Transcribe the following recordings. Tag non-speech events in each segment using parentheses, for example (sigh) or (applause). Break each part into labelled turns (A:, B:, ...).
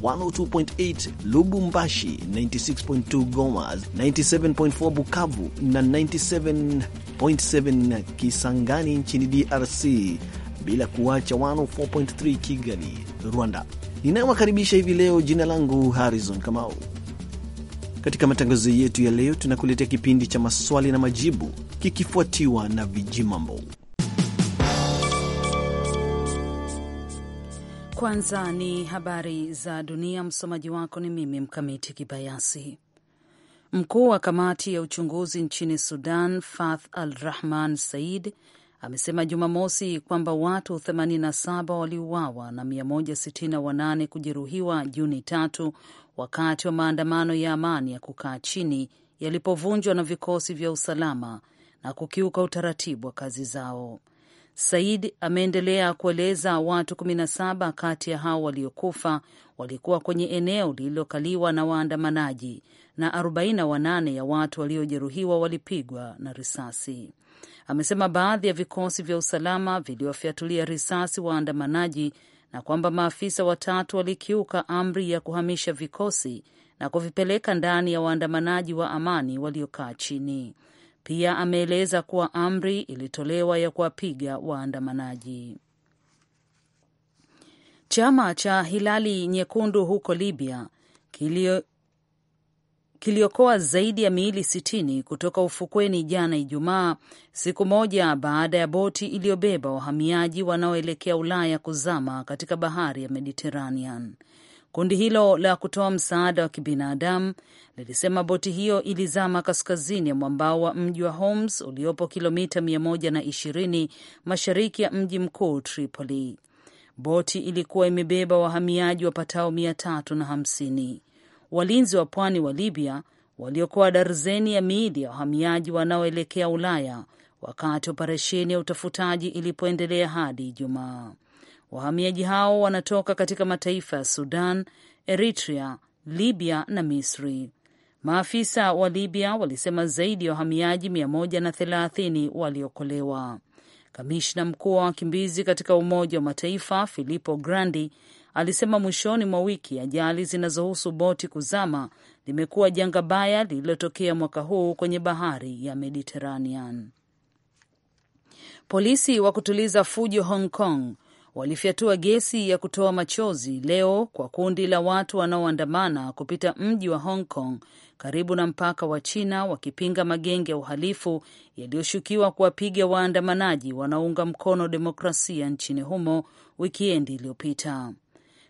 A: 102.8 Lubumbashi, 96.2 Goma, 97.4 Bukavu na 97.7 Kisangani nchini DRC, bila kuacha 104.3 Kigali, Rwanda. Ninayowakaribisha hivi leo, jina langu Harrison Kamau. Katika matangazo yetu ya leo, tunakuletea kipindi cha maswali na majibu kikifuatiwa na vijimambo
B: Kwanza ni habari za dunia. Msomaji wako ni mimi Mkamiti Kibayasi. Mkuu wa kamati ya uchunguzi nchini Sudan, Fath Al Rahman Said, amesema Jumamosi kwamba watu 87 waliuawa na 168 kujeruhiwa Juni tatu wakati wa maandamano ya amani ya kukaa chini yalipovunjwa na vikosi vya usalama na kukiuka utaratibu wa kazi zao. Said ameendelea kueleza watu 17 kati ya hao waliokufa walikuwa kwenye eneo lililokaliwa na waandamanaji na 48 ya watu waliojeruhiwa walipigwa na risasi. Amesema baadhi ya vikosi vya usalama viliwafyatulia risasi waandamanaji na kwamba maafisa watatu walikiuka amri ya kuhamisha vikosi na kuvipeleka ndani ya waandamanaji wa amani waliokaa chini. Pia ameeleza kuwa amri ilitolewa ya kuwapiga waandamanaji. Chama cha Hilali Nyekundu huko Libya kilio kiliokoa zaidi ya miili sitini kutoka ufukweni jana Ijumaa, siku moja baada ya boti iliyobeba wahamiaji wanaoelekea Ulaya kuzama katika bahari ya Mediterranean. Kundi hilo la kutoa msaada wa kibinadamu lilisema boti hiyo ilizama kaskazini ya mwambao wa mji wa Homs uliopo kilomita 120 mashariki ya mji mkuu Tripoli. Boti ilikuwa imebeba wahamiaji wapatao mia na hamsini. Walinzi wa pwani wa Libya waliokoa darzeni ya miili ya wahamiaji wanaoelekea Ulaya wakati operesheni ya utafutaji ilipoendelea hadi Ijumaa. Wahamiaji hao wanatoka katika mataifa ya Sudan, Eritrea, Libya na Misri. Maafisa wa Libya walisema zaidi ya wahamiaji 130 waliokolewa. Kamishna mkuu wa wakimbizi katika Umoja wa Mataifa Filippo Grandi alisema mwishoni mwa wiki ajali zinazohusu boti kuzama limekuwa janga baya lililotokea mwaka huu kwenye bahari ya Mediterranean. Polisi wa kutuliza fujo Hong Kong walifyatua gesi ya kutoa machozi leo kwa kundi la watu wanaoandamana kupita mji wa Hong Kong karibu na mpaka wa China wakipinga magenge ya uhalifu yaliyoshukiwa kuwapiga waandamanaji wanaounga mkono demokrasia nchini humo wikiendi iliyopita.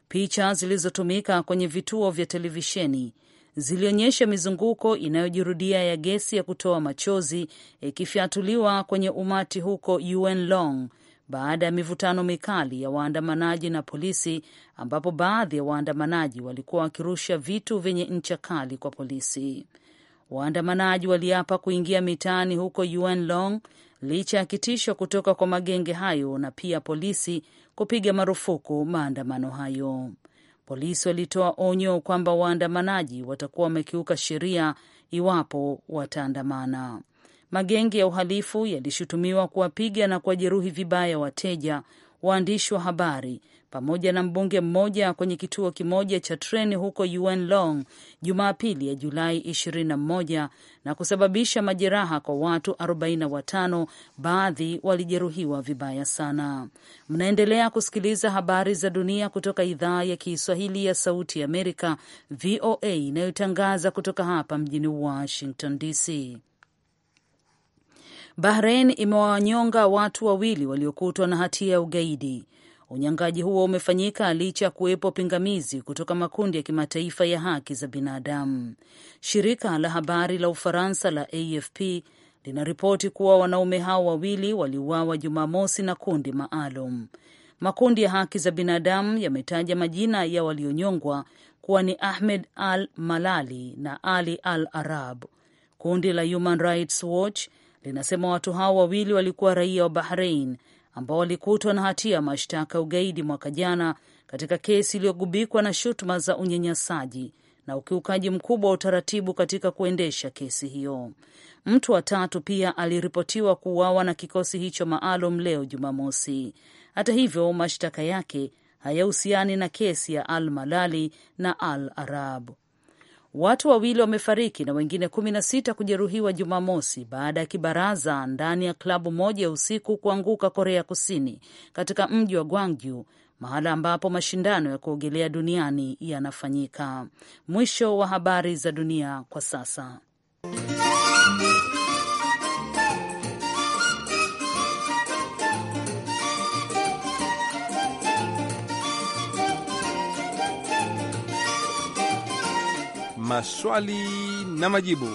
B: Picha zilizotumika kwenye vituo vya televisheni zilionyesha mizunguko inayojirudia ya gesi ya kutoa machozi ikifyatuliwa kwenye umati huko Yuen Long, baada ya mivutano mikali ya waandamanaji na polisi, ambapo baadhi ya waandamanaji walikuwa wakirusha vitu vyenye ncha kali kwa polisi. Waandamanaji waliapa kuingia mitaani huko Yuen Long licha ya kitisho kutoka kwa magenge hayo na pia polisi kupiga marufuku maandamano hayo. Polisi walitoa onyo kwamba waandamanaji watakuwa wamekiuka sheria iwapo wataandamana. Magenge ya uhalifu yalishutumiwa kuwapiga na kuwajeruhi vibaya wateja, waandishi wa habari pamoja na mbunge mmoja kwenye kituo kimoja cha treni huko un Yuanlong Jumapili ya Julai 21 na kusababisha majeraha kwa watu 45. Baadhi walijeruhiwa vibaya sana. Mnaendelea kusikiliza habari za dunia kutoka idhaa ya Kiswahili ya Sauti ya Amerika, VOA, inayotangaza kutoka hapa mjini Washington DC. Bahrain imewanyonga watu wawili waliokutwa na hatia ya ugaidi. Unyangaji huo umefanyika licha ya kuwepo pingamizi kutoka makundi ya kimataifa ya haki za binadamu. Shirika la habari la Ufaransa la AFP linaripoti kuwa wanaume hao wawili waliuawa Jumamosi na kundi maalum. Makundi ya haki za binadamu yametaja majina ya walionyongwa kuwa ni Ahmed Al Malali na Ali Al Arab. Kundi la Human Rights Watch linasema watu hao wawili walikuwa raia wa bahrein ambao walikutwa na hatia ya mashtaka ya ugaidi mwaka jana katika kesi iliyogubikwa na shutuma za unyanyasaji na ukiukaji mkubwa wa utaratibu katika kuendesha kesi hiyo. Mtu wa tatu pia aliripotiwa kuuawa na kikosi hicho maalum leo Jumamosi. Hata hivyo, mashtaka yake hayahusiani na kesi ya Al Malali na Al Arab. Watu wawili wamefariki na wengine kumi na sita kujeruhiwa Jumamosi baada ya kibaraza ndani ya klabu moja ya usiku kuanguka Korea Kusini, katika mji wa Gwangju, mahala ambapo mashindano ya kuogelea duniani yanafanyika. Mwisho wa habari za dunia kwa sasa.
C: maswali na majibu.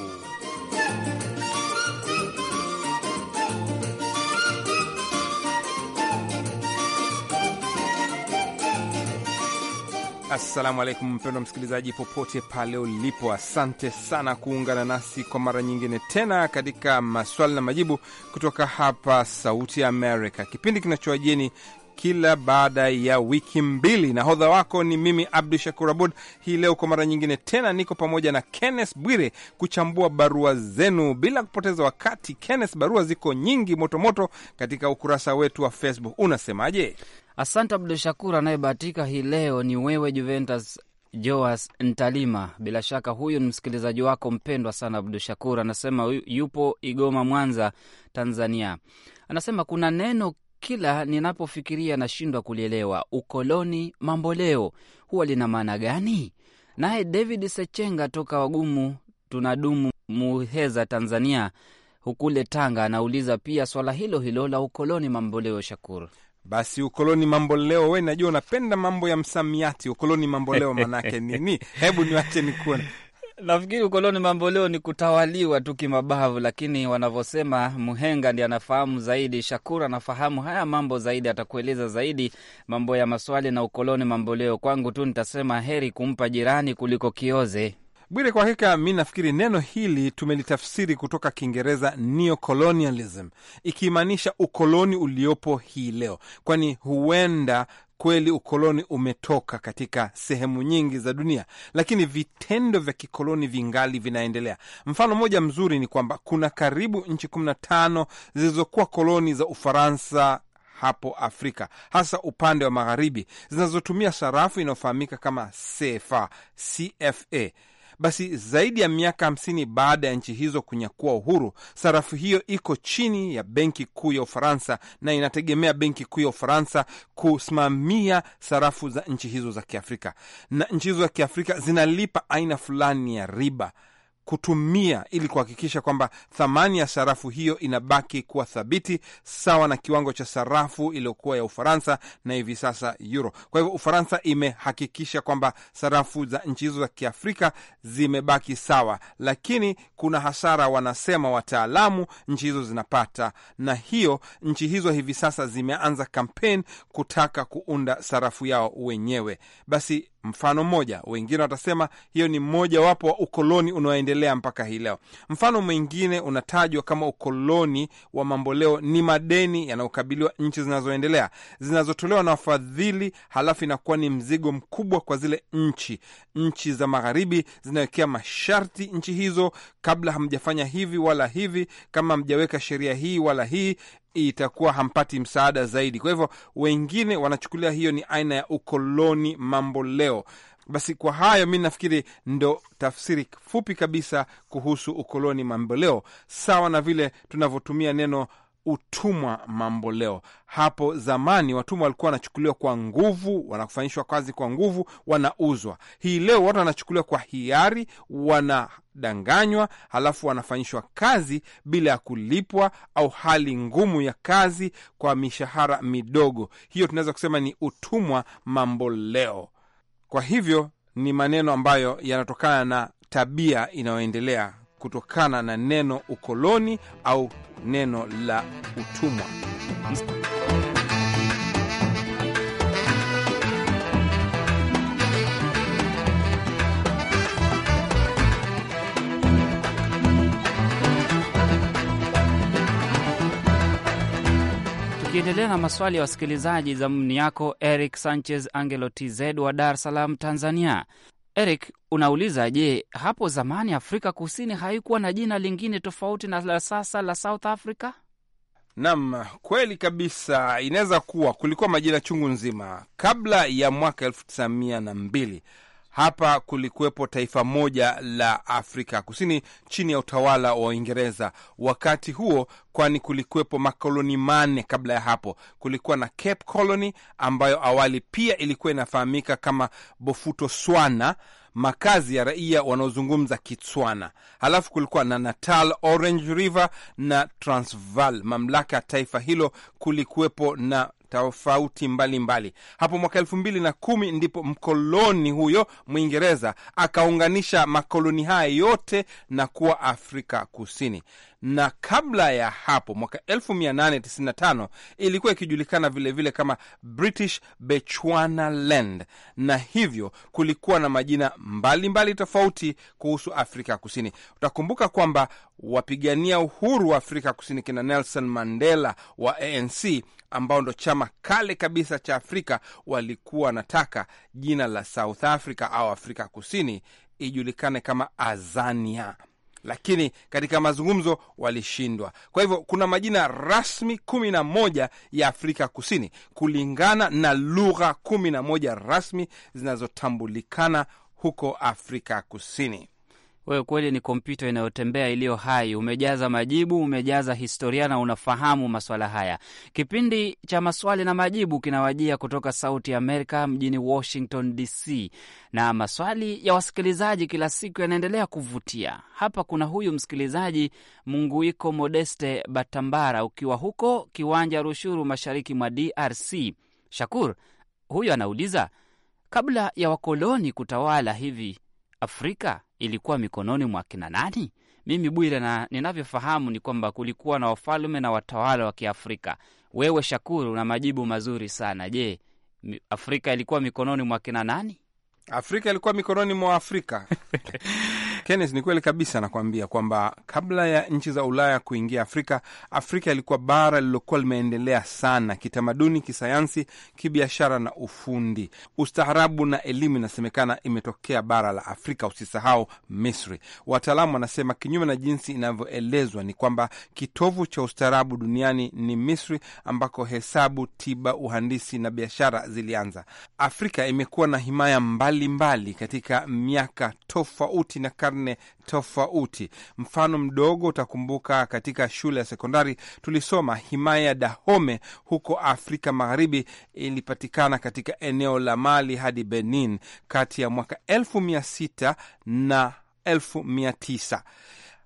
C: Assalamu alaikum mpendwa msikilizaji, popote pale ulipo, asante sana kuungana nasi kwa mara nyingine tena katika maswali na majibu kutoka hapa Sauti ya Amerika, kipindi kinachoajeni kila baada ya wiki mbili. Nahodha wako ni mimi Abdu Shakur Abud. Hii leo kwa mara nyingine tena niko pamoja na Kenneth Bwire kuchambua barua zenu bila kupoteza wakati. Kenneth, barua
D: ziko nyingi motomoto moto katika ukurasa wetu wa Facebook, unasemaje? Asante Abdu Shakur. Anayebahatika hii leo ni wewe Juventus Joas Ntalima, bila shaka huyu ni msikilizaji wako mpendwa sana Abdu Shakur. Anasema yupo Igoma, Mwanza, Tanzania. Anasema kuna neno kila ninapofikiria nashindwa kulielewa ukoloni mamboleo huwa lina maana gani? Naye David Sechenga toka Wagumu tunadumu Muheza, Tanzania, hukule Tanga, anauliza pia swala hilo hilo la ukoloni mamboleo. Shakuru, basi ukoloni mambo leo we najua unapenda mambo ya msamiati. Ukoloni mamboleo maanake nini? (laughs) Hebu niwache nikuona Nafikiri ukoloni mambo leo ni kutawaliwa tu kimabavu, lakini wanavyosema mhenga ndi anafahamu zaidi. Shakur anafahamu haya mambo zaidi, atakueleza zaidi mambo ya maswali na ukoloni mambo leo. Kwangu tu nitasema heri kumpa jirani kuliko kioze. Bwire, kwa
C: hakika mi nafikiri neno hili tumelitafsiri kutoka Kiingereza neocolonialism, ikimaanisha ukoloni uliopo hii leo, kwani huenda Kweli ukoloni umetoka katika sehemu nyingi za dunia, lakini vitendo vya kikoloni vingali vinaendelea. Mfano mmoja mzuri ni kwamba kuna karibu nchi kumi na tano zilizokuwa koloni za Ufaransa hapo Afrika, hasa upande wa magharibi, zinazotumia sarafu inayofahamika kama CFA, CFA basi zaidi ya miaka 50 baada ya nchi hizo kunyakua uhuru, sarafu hiyo iko chini ya benki kuu ya Ufaransa na inategemea benki kuu ya Ufaransa kusimamia sarafu za nchi hizo za Kiafrika, na nchi hizo za Kiafrika zinalipa aina fulani ya riba kutumia ili kuhakikisha kwamba thamani ya sarafu hiyo inabaki kuwa thabiti sawa na kiwango cha sarafu iliyokuwa ya Ufaransa na hivi sasa euro. Kwa hivyo Ufaransa imehakikisha kwamba sarafu za nchi hizo za Kiafrika zimebaki sawa, lakini kuna hasara, wanasema wataalamu, nchi hizo zinapata, na hiyo nchi hizo hivi sasa zimeanza kampeni kutaka kuunda sarafu yao wenyewe. Basi mfano mmoja. Wengine watasema hiyo ni mmojawapo wa ukoloni unaoendelea mpaka hii leo. Mfano mwingine unatajwa kama ukoloni wa mamboleo ni madeni yanayokabiliwa nchi zinazoendelea, zinazotolewa na wafadhili, halafu inakuwa ni mzigo mkubwa kwa zile nchi. Nchi za magharibi zinawekea masharti nchi hizo, kabla hamjafanya hivi wala hivi, kama hamjaweka sheria hii wala hii, itakuwa hampati msaada zaidi. Kwa hivyo wengine wanachukulia hiyo ni aina ya ukoloni mambo leo. Basi kwa hayo, mi nafikiri ndo tafsiri fupi kabisa kuhusu ukoloni mambo leo, sawa na vile tunavyotumia neno utumwa mambo leo. Hapo zamani watumwa walikuwa wanachukuliwa kwa nguvu, wanafanyishwa kazi kwa nguvu, wanauzwa. Hii leo watu wanachukuliwa kwa hiari, wanadanganywa, halafu wanafanyishwa kazi bila ya kulipwa, au hali ngumu ya kazi kwa mishahara midogo. Hiyo tunaweza kusema ni utumwa mambo leo. Kwa hivyo ni maneno ambayo yanatokana na tabia inayoendelea kutokana na neno ukoloni au neno la utumwa.
D: Tukiendelea na maswali ya wasikilizaji, zamuni yako Eric Sanchez Angelo TZ wa Dar es Salaam, Tanzania. Eric unauliza, je, hapo zamani Afrika Kusini haikuwa na jina lingine tofauti na la sasa la South Africa?
C: Nam, kweli kabisa. Inaweza kuwa kulikuwa majina chungu nzima kabla ya mwaka elfu tisa mia na mbili hapa kulikuwepo taifa moja la Afrika Kusini chini ya utawala wa Uingereza wakati huo, kwani kulikuwepo makoloni manne kabla ya hapo. Kulikuwa na Cape Colony ambayo awali pia ilikuwa inafahamika kama bofutoswana makazi ya raia wanaozungumza Kitswana. Halafu kulikuwa na Natal, Orange River na Transvaal, mamlaka ya taifa hilo. Kulikuwepo na tofauti mbalimbali. Hapo mwaka elfu mbili na kumi ndipo mkoloni huyo Mwingereza akaunganisha makoloni haya yote na kuwa Afrika Kusini na kabla ya hapo mwaka 1895 ilikuwa ikijulikana vilevile kama British land na hivyo kulikuwa na majina mbalimbali mbali tofauti kuhusu Afrika Kusini. Utakumbuka kwamba wapigania uhuru wa Afrika Kusini kina Nelson Mandela wa ANC ambao ndo chama kale kabisa cha Afrika walikuwa wanataka jina la South Africa au Afrika Kusini ijulikane kama Azania lakini katika mazungumzo walishindwa. Kwa hivyo kuna majina rasmi kumi na moja ya Afrika Kusini kulingana na lugha kumi na moja rasmi zinazotambulikana huko Afrika Kusini
D: wewe kweli ni kompyuta inayotembea iliyo hai. Umejaza majibu, umejaza historia na unafahamu maswala haya. Kipindi cha maswali na majibu kinawajia kutoka Sauti ya Amerika mjini Washington DC, na maswali ya wasikilizaji kila siku yanaendelea kuvutia. Hapa kuna huyu msikilizaji Munguiko Modeste Batambara, ukiwa huko Kiwanja Rushuru, mashariki mwa DRC. Shakur, huyu anauliza kabla ya wakoloni kutawala hivi Afrika ilikuwa mikononi mwa kina nani? Mimi Bwire, na ninavyofahamu ni kwamba kulikuwa na wafalme na watawala wa Kiafrika. Wewe Shakuru una majibu mazuri sana. Je, Afrika ilikuwa mikononi mwa kina nani? Afrika ilikuwa mikononi mwa Afrika.
C: (laughs) Kenneth, ni kweli kabisa, nakuambia kwamba kabla ya nchi za Ulaya kuingia Afrika, Afrika ilikuwa bara lililokuwa limeendelea sana kitamaduni, kisayansi, kibiashara na ufundi. Ustaarabu na elimu inasemekana imetokea bara la Afrika. Usisahau Misri. Wataalamu wanasema kinyume na jinsi inavyoelezwa ni kwamba kitovu cha ustaarabu duniani ni Misri, ambako hesabu, tiba, uhandisi na biashara zilianza. Afrika imekuwa na himaya mbalimbali mbali katika miaka tofauti na karne tofauti. Mfano mdogo utakumbuka, katika shule ya sekondari tulisoma himaya ya Dahome huko Afrika Magharibi, ilipatikana katika eneo la Mali hadi Benin kati ya mwaka elfu mia sita na elfu mia tisa.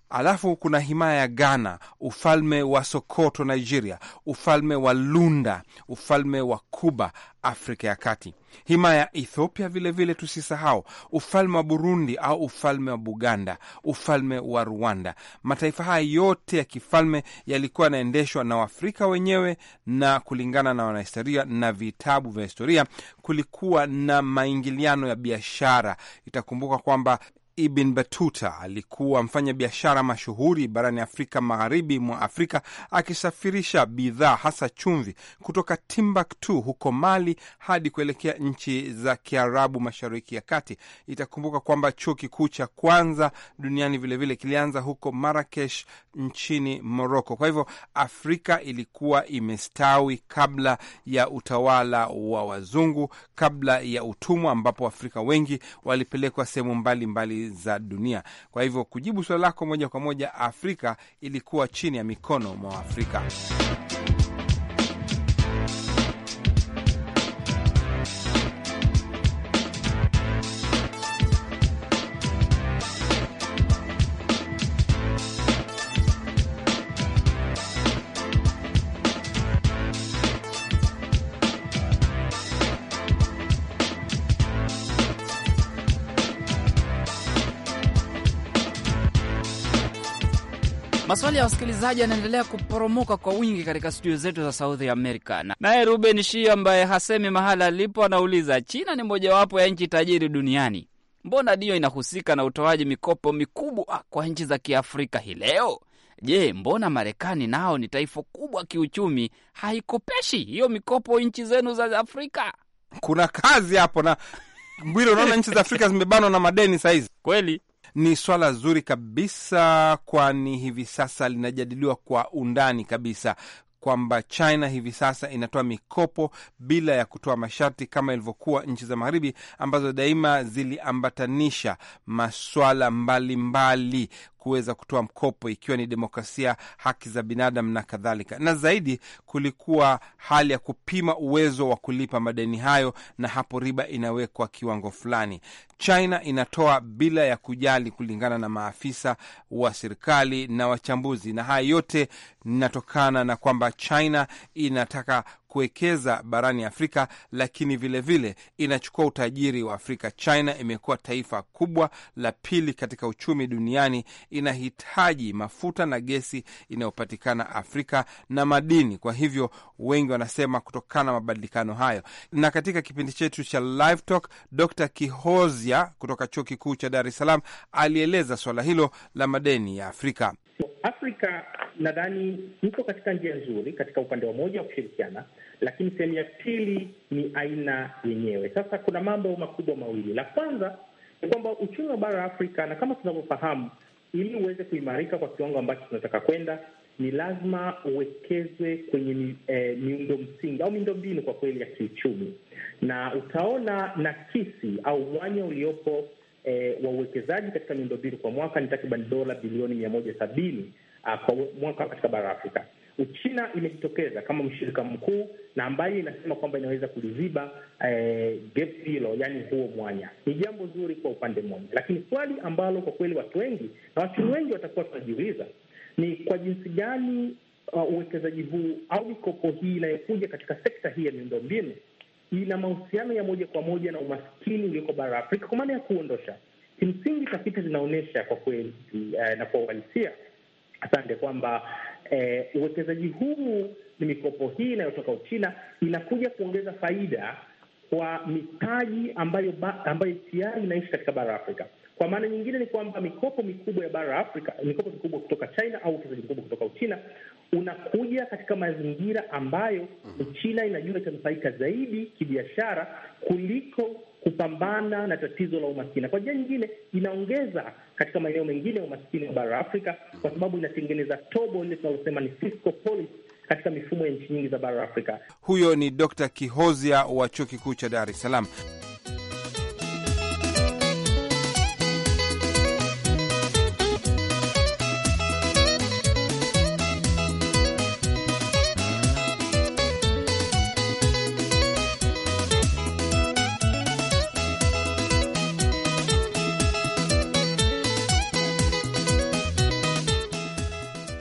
C: Alafu kuna himaya ya Ghana, ufalme wa Sokoto Nigeria, ufalme wa Lunda, ufalme wa Kuba Afrika ya Kati, himaya ya Ethiopia vilevile, tusisahau ufalme wa Burundi au ufalme wa Buganda, ufalme wa Rwanda. Mataifa haya yote ya kifalme yalikuwa yanaendeshwa na Waafrika wenyewe, na kulingana na wanahistoria na vitabu vya historia, kulikuwa na maingiliano ya biashara. Itakumbuka kwamba Ibn Batuta alikuwa mfanya biashara mashuhuri barani Afrika magharibi mwa Afrika, akisafirisha bidhaa hasa chumvi kutoka Timbuktu huko Mali hadi kuelekea nchi za Kiarabu mashariki ya kati. Itakumbuka kwamba chuo kikuu cha kwanza duniani vilevile vile kilianza huko Marakesh nchini Moroko. Kwa hivyo Afrika ilikuwa imestawi kabla ya utawala wa wazungu, kabla ya utumwa, ambapo Waafrika wengi walipelekwa sehemu mbalimbali za dunia. Kwa hivyo kujibu suala lako moja kwa moja, Afrika ilikuwa chini ya mikono mwa Afrika.
D: Maswali ya wasikilizaji yanaendelea kuporomoka kwa wingi katika studio zetu za Sauthi Amerika. Naye Ruben Shi ambaye hasemi mahala alipo anauliza, China ni mojawapo ya nchi tajiri duniani, mbona ndiyo inahusika na utoaji mikopo mikubwa kwa nchi za kiafrika hii leo? Je, mbona Marekani nao ni taifa kubwa kiuchumi, haikopeshi hiyo mikopo nchi zenu za Afrika? Kuna
C: kazi hapo na Bwire, unaona nchi za Afrika zimebanwa na madeni sahizi kweli ni swala zuri kabisa, kwani hivi sasa linajadiliwa kwa undani kabisa kwamba China hivi sasa inatoa mikopo bila ya kutoa masharti kama ilivyokuwa nchi za Magharibi ambazo daima ziliambatanisha maswala mbalimbali mbali kuweza kutoa mkopo, ikiwa ni demokrasia, haki za binadamu na kadhalika. Na zaidi kulikuwa hali ya kupima uwezo wa kulipa madeni hayo, na hapo riba inawekwa kiwango fulani. China inatoa bila ya kujali, kulingana na maafisa wa serikali na wachambuzi, na haya yote inatokana na kwamba China inataka kuwekeza barani Afrika, lakini vilevile vile inachukua utajiri wa Afrika. China imekuwa taifa kubwa la pili katika uchumi duniani, inahitaji mafuta na gesi inayopatikana Afrika na madini. Kwa hivyo wengi wanasema kutokana na mabadilikano hayo. Na katika kipindi chetu cha Live Talk, Dr Kihozia kutoka chuo kikuu cha Dar es Salaam alieleza suala hilo la madeni ya Afrika.
E: Afrika nadhani iko katika njia nzuri katika upande wa moja wa kushirikiana, lakini sehemu ya pili ni aina yenyewe. Sasa kuna mambo makubwa mawili. La kwanza ni kwamba uchumi wa bara la Afrika, na kama tunavyofahamu, ili uweze kuimarika kwa kiwango ambacho tunataka kwenda ni lazima uwekezwe kwenye eh, miundo msingi au miundo mbinu kwa kweli ya kiuchumi, na utaona nakisi au mwanya uliopo e, eh, wa uwekezaji katika miundombinu kwa mwaka ni takriban dola bilioni mia moja sabini ah, kwa mwaka katika bara Afrika. Uchina imejitokeza kama mshirika mkuu na ambaye inasema kwamba inaweza kuliziba e, gap hilo, yani huo mwanya. Ni jambo zuri kwa upande mmoja, lakini swali ambalo kwa kweli watu wengi na watu wengi watakuwa tunajiuliza ni kwa jinsi gani uh, uwekezaji huu au mikopo hii inayokuja katika sekta hii ya miundombinu ina mahusiano ya moja kwa moja na umaskini ulioko bara Afrika, kwa maana ya kuondosha. Kimsingi tafiti zinaonyesha kwa kweli eh, na kwa uhalisia asante, kwamba eh, uwekezaji huu ni mikopo hii inayotoka Uchina inakuja kuongeza faida kwa mitaji ambayo ambayo tayari inaishi katika bara Afrika. Kwa maana nyingine ni kwamba mikopo mikubwa ya bara Afrika, mikopo mikubwa kutoka China au uwekezaji mkubwa kutoka Uchina unakuja katika mazingira ambayo mhm. Uchina inajua itanufaika zaidi kibiashara kuliko kupambana na tatizo la umaskini. Kwa njia nyingine, inaongeza katika maeneo mengine ya umaskini wa bara Afrika, kwa sababu inatengeneza tobo ile tunalosema ni fiscal policy katika mifumo ya nchi nyingi za bara Afrika.
C: Huyo ni Dr. Kihozia wa chuo kikuu cha Dar es Salaam.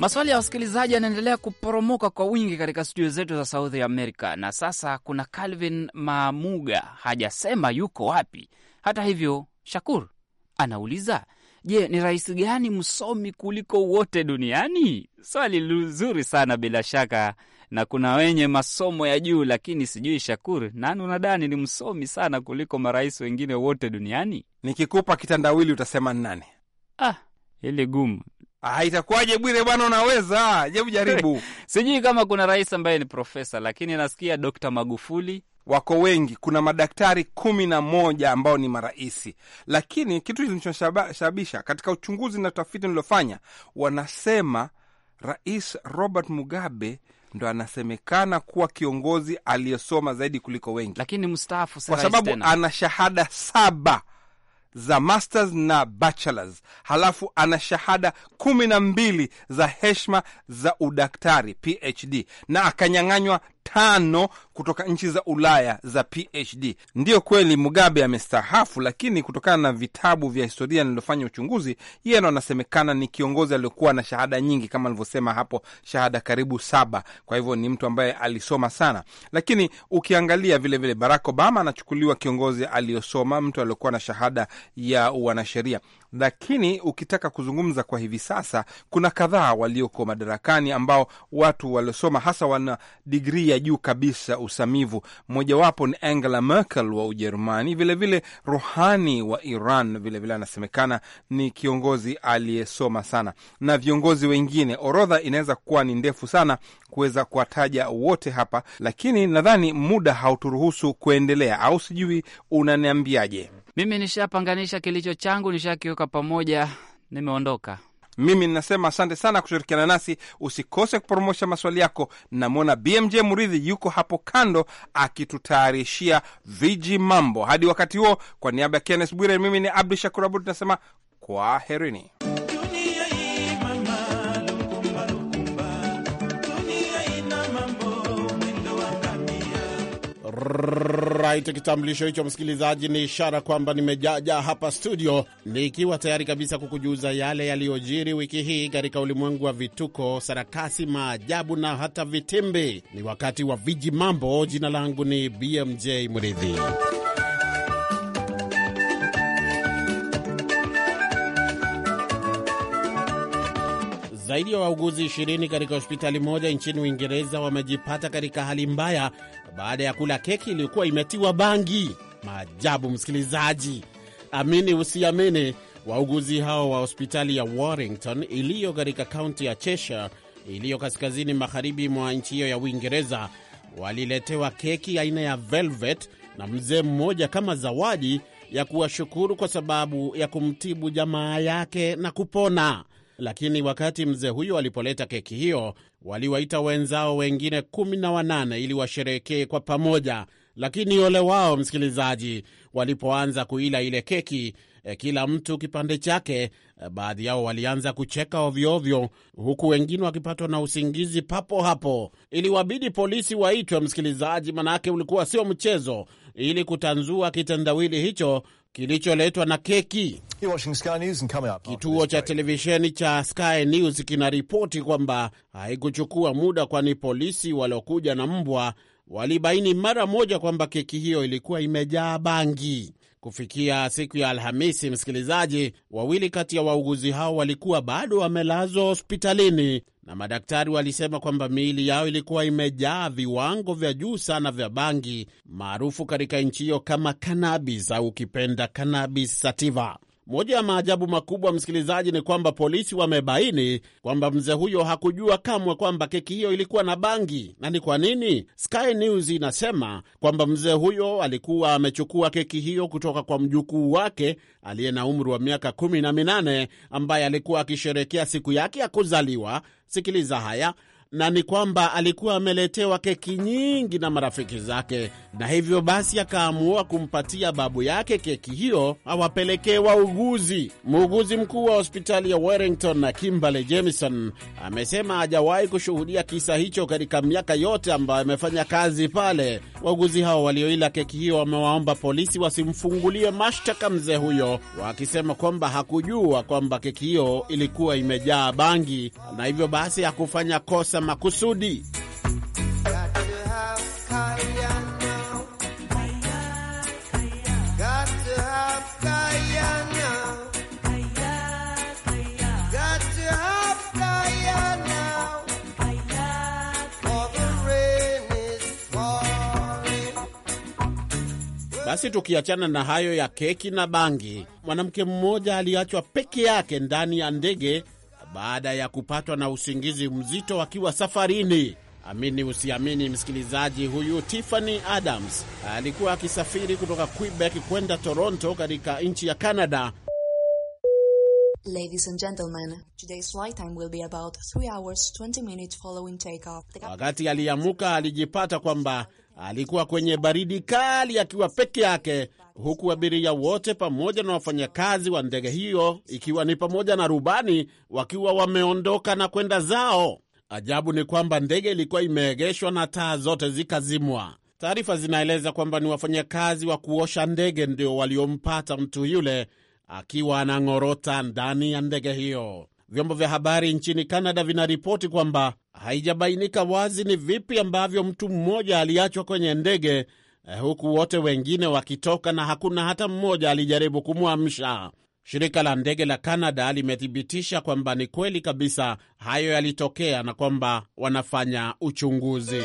D: Maswali ya wasikilizaji yanaendelea kuporomoka kwa wingi katika studio zetu za Sauthi Amerika, na sasa kuna Calvin Maamuga, hajasema yuko wapi. Hata hivyo, Shakur anauliza Je, ni rais gani msomi kuliko wote duniani? Swali luzuri sana bila shaka, na kuna wenye masomo ya juu, lakini sijui Shakur, nani unadani ni msomi sana kuliko marais wengine wote duniani? Nikikupa kitandawili utasema ni nani? Ah, hili gumu. Ah, itakuwaje Bwire bwana, unaweza jebu jaribu. (laughs) Sijui kama kuna rais ambaye ni profesa, lakini nasikia Dr. Magufuli wako wengi. Kuna madaktari
C: kumi na moja ambao ni maraisi, lakini kitu kilichosababisha katika uchunguzi na utafiti niliofanya, wanasema Rais Robert Mugabe ndo anasemekana kuwa kiongozi aliyesoma zaidi kuliko wengi, lakini mstaafu, kwa sababu ana shahada saba za masters na bachelors, halafu ana shahada kumi na mbili za heshima za udaktari PhD, na akanyang'anywa tano kutoka nchi za Ulaya za PhD. Ndiyo kweli Mugabe amestahafu, lakini kutokana na vitabu vya historia nilivyofanya uchunguzi, yeye ndo anasemekana ni kiongozi aliyokuwa na shahada nyingi, kama alivyosema hapo, shahada karibu saba. Kwa hivyo ni mtu ambaye alisoma sana, lakini ukiangalia vilevile vile, Barack Obama anachukuliwa kiongozi aliyosoma, mtu aliyokuwa na shahada ya wanasheria lakini ukitaka kuzungumza kwa hivi sasa, kuna kadhaa walioko madarakani ambao watu waliosoma hasa wana digrii ya ya juu kabisa usamivu. Mmojawapo ni Angela Merkel wa Ujerumani, vilevile Ruhani wa Iran, vilevile anasemekana vile ni kiongozi aliyesoma sana, na viongozi wengine. Orodha inaweza kuwa ni ndefu sana kuweza kuwataja wote hapa, lakini nadhani muda hauturuhusu kuendelea, au sijui unaniambiaje?
D: Mimi nishapanganisha kilicho changu, nishakiweka pamoja,
C: nimeondoka. Mimi ninasema asante sana kushirikiana nasi. Usikose kupromosha maswali yako. Namwona BMJ Muridhi yuko hapo kando akitutayarishia viji mambo. Hadi wakati huo, kwa niaba ya Kennes Bwire, mimi ni Abdu Shakur Abud nasema kwa herini.
F: Alright, kitambulisho hicho msikilizaji, ni ishara kwamba nimejaja hapa studio nikiwa tayari kabisa kukujuza yale yaliyojiri wiki hii katika ulimwengu wa vituko, sarakasi, maajabu na hata vitimbi. Ni wakati wa viji mambo. Jina langu ni BMJ Mridhi. Zaidi ya wauguzi 20 katika hospitali moja nchini Uingereza wamejipata katika hali mbaya baada ya kula keki iliyokuwa imetiwa bangi. Maajabu, msikilizaji, amini usiamini, wauguzi hao wa hospitali ya Warrington iliyo katika kaunti ya Cheshire iliyo kaskazini magharibi mwa nchi hiyo ya Uingereza waliletewa keki aina ya velvet na mzee mmoja kama zawadi ya kuwashukuru kwa sababu ya kumtibu jamaa yake na kupona lakini wakati mzee huyo alipoleta keki hiyo, waliwaita wenzao wengine kumi na wanane ili washerehekee kwa pamoja. Lakini ole wao, msikilizaji, walipoanza kuila ile keki eh, kila mtu kipande chake, eh, baadhi yao walianza kucheka ovyoovyo, huku wengine wakipatwa na usingizi papo hapo. Iliwabidi polisi waitwe, msikilizaji, manake ulikuwa sio mchezo, ili kutanzua kitendawili hicho kilicholetwa na keki. Kituo cha televisheni cha Sky News kinaripoti kwamba haikuchukua muda, kwani polisi waliokuja na mbwa walibaini mara moja kwamba keki hiyo ilikuwa imejaa bangi. Kufikia siku ya Alhamisi, msikilizaji, wawili kati ya wauguzi hao walikuwa bado wamelazwa hospitalini na madaktari walisema kwamba miili yao ilikuwa imejaa viwango vya juu sana vya bangi maarufu katika nchi hiyo kama cannabis au ukipenda cannabis sativa. Moja ya maajabu makubwa, msikilizaji, ni kwamba polisi wamebaini kwamba mzee huyo hakujua kamwe kwamba keki hiyo ilikuwa na bangi. Na ni kwa nini? Sky News inasema kwamba mzee huyo alikuwa amechukua keki hiyo kutoka kwa mjukuu wake aliye na umri wa miaka kumi na minane ambaye alikuwa akisherekea siku yake ya kuzaliwa. Sikiliza haya na ni kwamba alikuwa ameletewa keki nyingi na marafiki zake, na hivyo basi akaamua kumpatia babu yake keki hiyo awapelekee wauguzi. Muuguzi mkuu wa hospitali ya Warrington na Kimberley Jamison amesema hajawahi kushuhudia kisa hicho katika miaka yote ambayo amefanya kazi pale. Wauguzi hao walioila keki hiyo wamewaomba polisi wasimfungulie mashtaka mzee huyo, wakisema kwamba hakujua kwamba keki hiyo ilikuwa imejaa bangi na hivyo basi hakufanya kosa Hamisa Makusudi. Basi tukiachana na hayo ya keki na bangi, mwanamke mmoja aliachwa peke yake ndani ya ndege baada ya kupatwa na usingizi mzito akiwa safarini. Amini usiamini, msikilizaji, huyu Tiffany Adams alikuwa akisafiri kutoka Quebec kwenda Toronto katika nchi ya Canada. Wakati aliamuka alijipata kwamba alikuwa kwenye baridi kali akiwa peke yake, huku abiria wote pamoja na wafanyakazi wa ndege hiyo, ikiwa ni pamoja na rubani, wakiwa wameondoka na kwenda zao. Ajabu ni kwamba ndege ilikuwa imeegeshwa na taa zote zikazimwa. Taarifa zinaeleza kwamba ni wafanyakazi wa kuosha ndege ndio waliompata mtu yule akiwa anang'orota ndani ya ndege hiyo. Vyombo vya habari nchini Kanada vinaripoti kwamba haijabainika wazi ni vipi ambavyo mtu mmoja aliachwa kwenye ndege eh, huku wote wengine wakitoka na hakuna hata mmoja alijaribu kumwamsha. Shirika la ndege la Kanada limethibitisha kwamba ni kweli kabisa hayo yalitokea na kwamba wanafanya uchunguzi.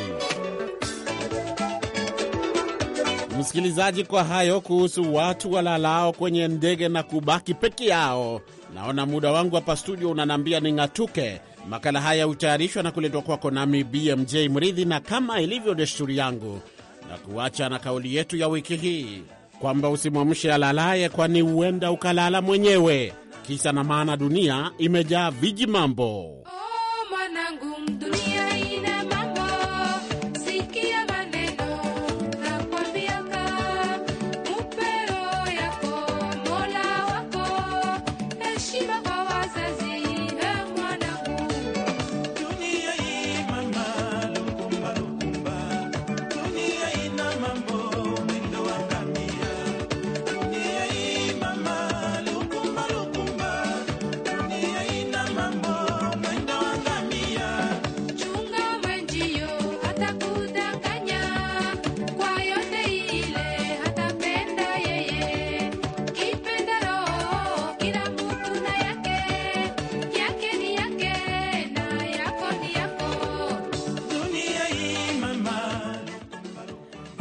F: Msikilizaji, kwa hayo kuhusu watu walalao kwenye ndege na kubaki peke yao. Naona muda wangu hapa studio unaniambia ning'atuke. Makala haya hutayarishwa na kuletwa kwako nami BMJ Mridhi, na kama ilivyo desturi yangu, na kuacha na kauli yetu ya wiki hii kwamba usimwamshe alalaye, kwani huenda ukalala mwenyewe. Kisa na maana, dunia imejaa viji mambo.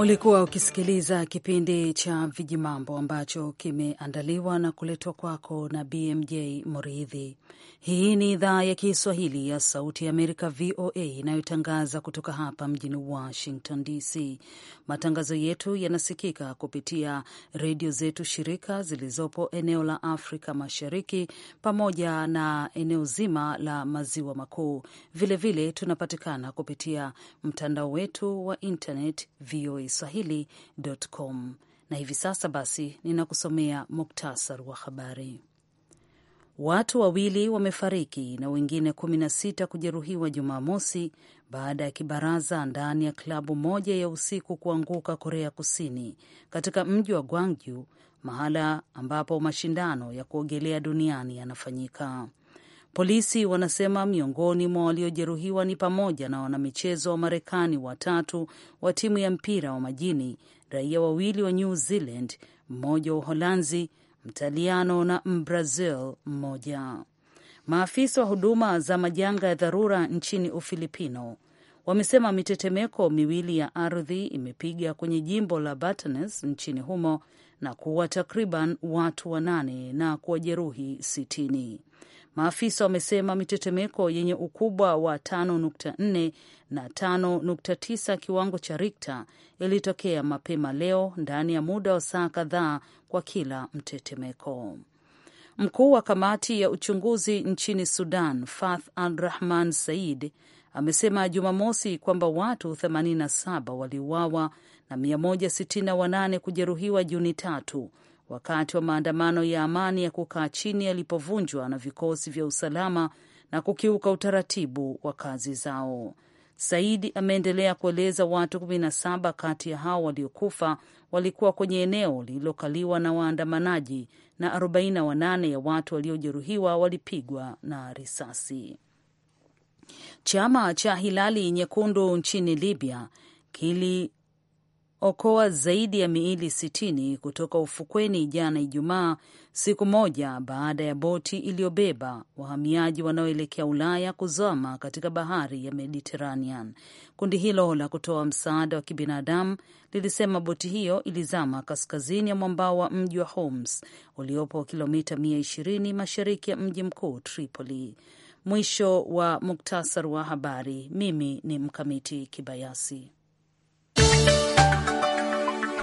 B: Ulikuwa ukisikiliza kipindi cha Vijimambo ambacho kimeandaliwa na kuletwa kwako na BMJ Muridhi. Hii ni idhaa ya Kiswahili ya Sauti ya Amerika, VOA, inayotangaza kutoka hapa mjini Washington DC. Matangazo yetu yanasikika kupitia redio zetu shirika zilizopo eneo la Afrika Mashariki pamoja na eneo zima la Maziwa Makuu. Vilevile tunapatikana kupitia mtandao wetu wa internet, voa swahili.com. Na hivi sasa basi, ninakusomea muktasar wa habari. Watu wawili wamefariki na wengine 16 kujeruhiwa Jumamosi baada ya kibaraza ndani ya klabu moja ya usiku kuanguka Korea Kusini, katika mji wa Gwangju, mahala ambapo mashindano ya kuogelea duniani yanafanyika. Polisi wanasema miongoni mwa waliojeruhiwa ni pamoja na wanamichezo wa Marekani watatu wa timu ya mpira wa majini, raia wawili wa New Zealand, mmoja wa Uholanzi Mtaliano na Mbrazil mmoja. Maafisa wa huduma za majanga ya dharura nchini Ufilipino wamesema mitetemeko miwili ya ardhi imepiga kwenye jimbo la Batanes nchini humo na kuua takriban watu wanane na kuwajeruhi sitini. Maafisa wamesema mitetemeko yenye ukubwa wa 5.4 na 5.9 kiwango cha rikta ilitokea mapema leo ndani ya muda wa saa kadhaa kwa kila mtetemeko. Mkuu wa kamati ya uchunguzi nchini Sudan, Fath Al-Rahman Said, amesema Jumamosi kwamba watu 87 waliuawa na 168 kujeruhiwa Juni tatu wakati wa maandamano ya amani ya kukaa chini yalipovunjwa na vikosi vya usalama na kukiuka utaratibu wa kazi zao. Saidi ameendelea kueleza watu 17 kati ya hao waliokufa walikuwa kwenye eneo lililokaliwa na waandamanaji na 48 ya watu waliojeruhiwa walipigwa na risasi. Chama cha Hilali Nyekundu nchini Libya kili okoa zaidi ya miili sitini kutoka ufukweni jana Ijumaa, siku moja baada ya boti iliyobeba wahamiaji wanaoelekea Ulaya kuzama katika bahari ya Mediterranean. Kundi hilo la kutoa msaada wa kibinadamu lilisema boti hiyo ilizama kaskazini ya mwambao wa mji wa Homs uliopo kilomita 120 mashariki ya mji mkuu Tripoli. Mwisho wa muktasar wa habari. Mimi ni Mkamiti Kibayasi.